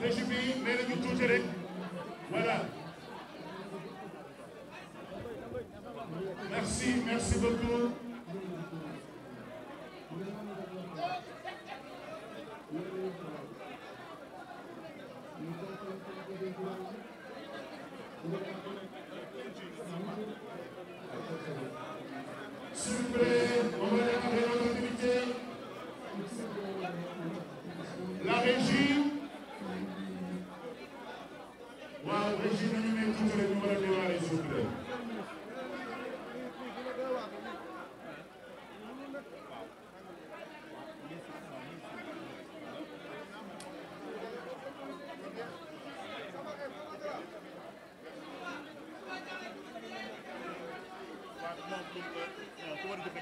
régime mais nous tous, tuuti voilà merci merci beaucoup S'il vous plaît, on va démarrer notre La régie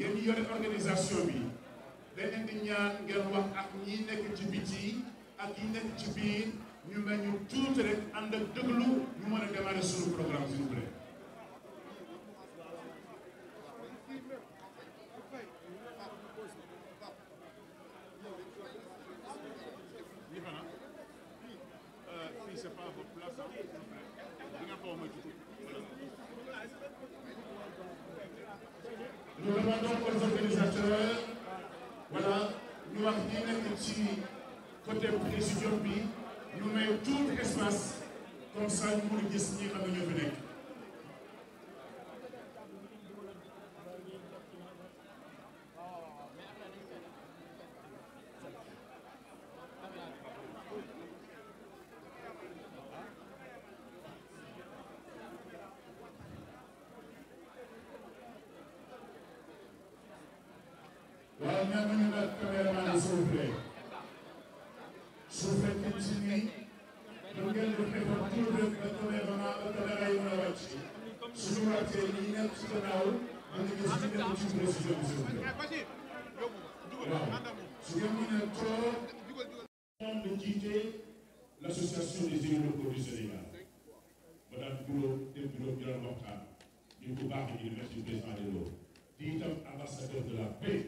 yéen ñi yore organisation bi dañ leen di ñaan ngeen wax ak ñi nekk ci biti ak yi nekk ci biir ñu mel ñu tuuti rek ànd ak déglu ñu mën a démarrer suñu programme s'il vous Nous pour les organisateurs. Voilà, nous un petit côté président, nous mettons tout l'espace comme ça nous pouvons dessiner à nous venir. ñooñu notre caméraman yi soufflé soufflé bi ci nii bu ngeen di defoon tout le ba caméraman ba caméra yi mën a wàcc suñu wàccee ñi nekk ci gannaaw mën na gis ñu nekk ci biir studio bi soufflé waaw su ngeen mën a toog moom la jiite l' association des élus locaux du Sénégal ma daan bureau dem bureau bi daan waxtaan ñu ko baax di merci président de l'eau di itam ambassadeur de la paix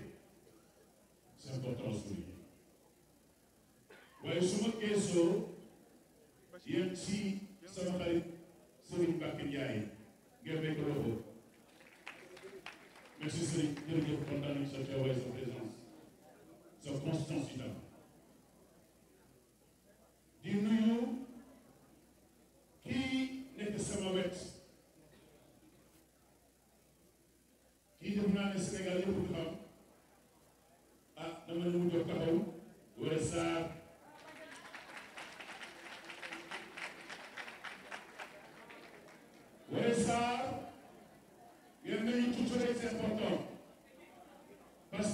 c'est important souligné waaye su ma geesoo yéen ci sama xarit Serigne Mbacke Ndiaye ngeen may ko loxo merci Serigne jërëjëf kontaan nañ sa teewaay sa présence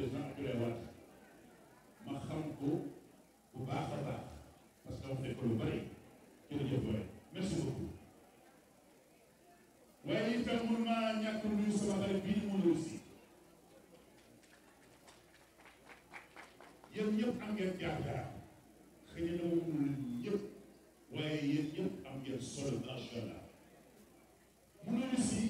président Abdoulaye Wade ma xam ko bu baax a baax parce que wax nañ ko lu bëri jërëjëf waay merci beaucoup. waaye itam mun maa ñàkk nuyu sama xarit bii mu Russie yéen ñëpp am ngeen yaakaar xëy na dama mënul ñëpp waaye yéen ñëpp am ngeen solo macha allah mu Russie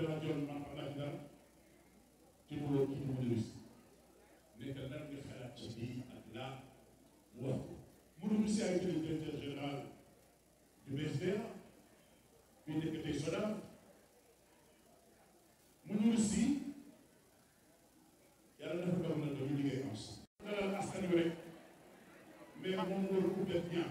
opération maam Abdoulaye mu ci mu Idriss nekk lan nga xalaat mu wax ko Moussi a été le directeur mu ñuul si yàlla liggéey ensemble. dalal askan wi moom nga ko def ñaar.